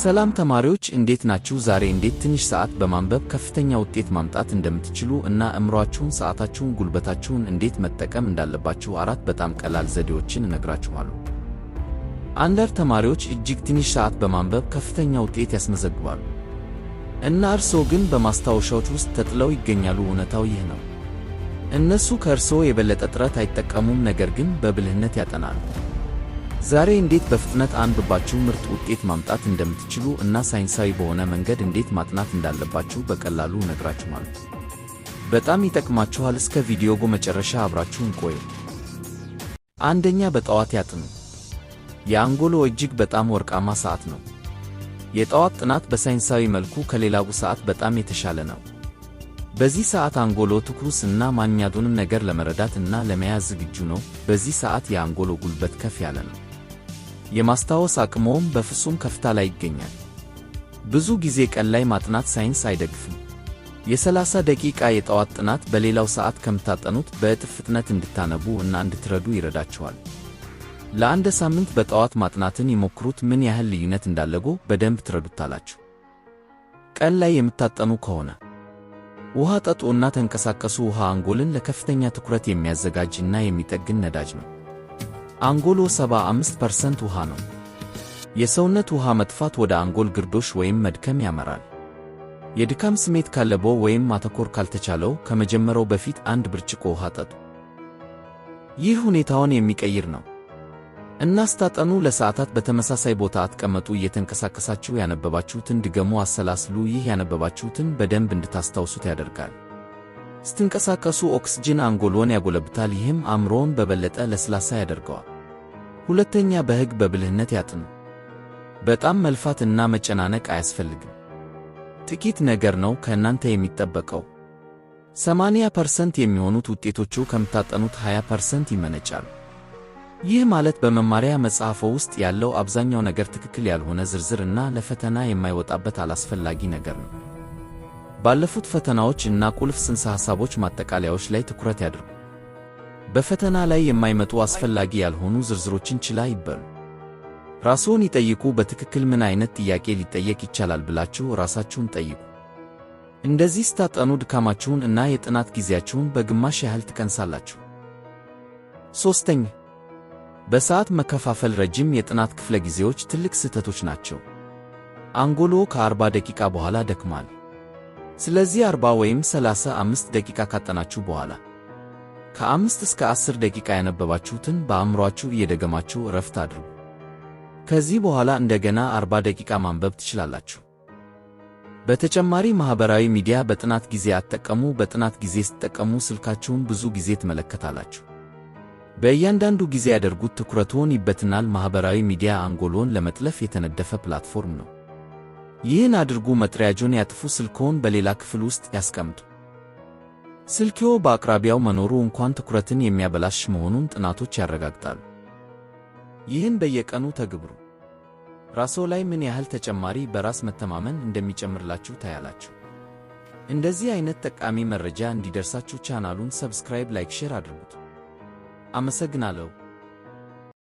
ሰላም ተማሪዎች እንዴት ናችሁ? ዛሬ እንዴት ትንሽ ሰዓት በማንበብ ከፍተኛ ውጤት ማምጣት እንደምትችሉ እና አእምሯችሁን፣ ሰዓታችሁን፣ ጉልበታችሁን እንዴት መጠቀም እንዳለባችሁ አራት በጣም ቀላል ዘዴዎችን እነግራችኋለሁ። አንደር ተማሪዎች እጅግ ትንሽ ሰዓት በማንበብ ከፍተኛ ውጤት ያስመዘግባሉ እና እርስዎ ግን በማስታወሻዎች ውስጥ ተጥለው ይገኛሉ። እውነታው ይህ ነው። እነሱ ከእርስዎ የበለጠ ጥረት አይጠቀሙም፣ ነገር ግን በብልህነት ያጠናሉ። ዛሬ እንዴት በፍጥነት አንብባችሁ ምርጥ ውጤት ማምጣት እንደምትችሉ እና ሳይንሳዊ በሆነ መንገድ እንዴት ማጥናት እንዳለባችሁ በቀላሉ እነግራችኋለሁ። በጣም ይጠቅማችኋል። እስከ ቪዲዮ መጨረሻ አብራችሁን ቆዩ። አንደኛ፣ በጠዋት ያጥኑ። የአንጎሎ እጅግ በጣም ወርቃማ ሰዓት ነው። የጠዋት ጥናት በሳይንሳዊ መልኩ ከሌላው ሰዓት በጣም የተሻለ ነው። በዚህ ሰዓት አንጎሎ ትኩስ እና ማንኛውንም ነገር ለመረዳት እና ለመያዝ ዝግጁ ነው። በዚህ ሰዓት የአንጎሎ ጉልበት ከፍ ያለ ነው። የማስታወስ አቅሞም በፍጹም ከፍታ ላይ ይገኛል። ብዙ ጊዜ ቀን ላይ ማጥናት ሳይንስ አይደግፍም። የ30 ደቂቃ የጠዋት ጥናት በሌላው ሰዓት ከምታጠኑት በእጥፍ ፍጥነት እንድታነቡ እና እንድትረዱ ይረዳችኋል። ለአንድ ሳምንት በጠዋት ማጥናትን ይሞክሩት። ምን ያህል ልዩነት እንዳለጎ በደንብ ትረዱታላችሁ። ቀን ላይ የምታጠኑ ከሆነ ውሃ ጠጡ እና ተንቀሳቀሱ። ውሃ አንጎልን ለከፍተኛ ትኩረት የሚያዘጋጅ እና የሚጠግን ነዳጅ ነው። አንጎሎ 75% ውሃ ነው። የሰውነት ውሃ መጥፋት ወደ አንጎል ግርዶሽ ወይም መድከም ያመራል። የድካም ስሜት ካለበው ወይም ማተኮር ካልተቻለው ከመጀመሪያው በፊት አንድ ብርጭቆ ውሃ ጠጡ። ይህ ሁኔታውን የሚቀይር ነው። እናስታጠኑ። ለሰዓታት በተመሳሳይ ቦታ አትቀመጡ። እየተንቀሳቀሳችሁ ያነበባችሁትን ድገሙ፣ አሰላስሉ። ይህ ያነበባችሁትን በደንብ እንድታስታውሱት ያደርጋል። ስትንቀሳቀሱ ኦክስጅን አንጎሎን ያጎለብታል፣ ይህም አእምሮን በበለጠ ለስላሳ ያደርገዋል። ሁለተኛ፣ በሕግ በብልህነት ያጥኑ። በጣም መልፋት እና መጨናነቅ አያስፈልግም። ጥቂት ነገር ነው ከእናንተ የሚጠበቀው። 80% የሚሆኑት ውጤቶቹ ከምታጠኑት 20% ይመነጫሉ። ይህ ማለት በመማሪያ መጽሐፎ ውስጥ ያለው አብዛኛው ነገር ትክክል ያልሆነ ዝርዝር እና ለፈተና የማይወጣበት አላስፈላጊ ነገር ነው። ባለፉት ፈተናዎች እና ቁልፍ ጽንሰ ሐሳቦች ማጠቃለያዎች ላይ ትኩረት ያድርጉ። በፈተና ላይ የማይመጡ አስፈላጊ ያልሆኑ ዝርዝሮችን ችላ ይበሉ። ራስዎን ይጠይቁ። በትክክል ምን ዓይነት ጥያቄ ሊጠየቅ ይቻላል ብላችሁ ራሳችሁን ጠይቁ። እንደዚህ ስታጠኑ ድካማችሁን እና የጥናት ጊዜያችሁን በግማሽ ያህል ትቀንሳላችሁ። ሦስተኛ፣ በሰዓት መከፋፈል። ረጅም የጥናት ክፍለ ጊዜዎች ትልቅ ስህተቶች ናቸው። አንጎሎ ከ40 ደቂቃ በኋላ ደክማል። ስለዚህ 40 ወይም 35 ደቂቃ ካጠናችሁ በኋላ ከአምስት እስከ 10 ደቂቃ ያነበባችሁትን በአእምሯችሁ እየደገማችሁ እረፍት አድርጉ። ከዚህ በኋላ እንደገና 40 ደቂቃ ማንበብ ትችላላችሁ። በተጨማሪ ማህበራዊ ሚዲያ በጥናት ጊዜ አትጠቀሙ። በጥናት ጊዜ ስትጠቀሙ ስልካችሁን ብዙ ጊዜ ትመለከታላችሁ። በእያንዳንዱ ጊዜ ያደርጉት ትኩረትዎን ይበትናል። ማህበራዊ ሚዲያ አንጎልዎን ለመጥለፍ የተነደፈ ፕላትፎርም ነው። ይህን አድርጉ። መጥሪያጆን ያጥፉ። ስልክዎን በሌላ ክፍል ውስጥ ያስቀምጡ። ስልክዎ በአቅራቢያው መኖሩ እንኳን ትኩረትን የሚያበላሽ መሆኑን ጥናቶች ያረጋግጣሉ። ይህን በየቀኑ ተግብሩ። ራስዎ ላይ ምን ያህል ተጨማሪ በራስ መተማመን እንደሚጨምርላችሁ ታያላችሁ። እንደዚህ አይነት ጠቃሚ መረጃ እንዲደርሳችሁ ቻናሉን ሰብስክራይብ፣ ላይክ፣ ሼር አድርጉት። አመሰግናለሁ።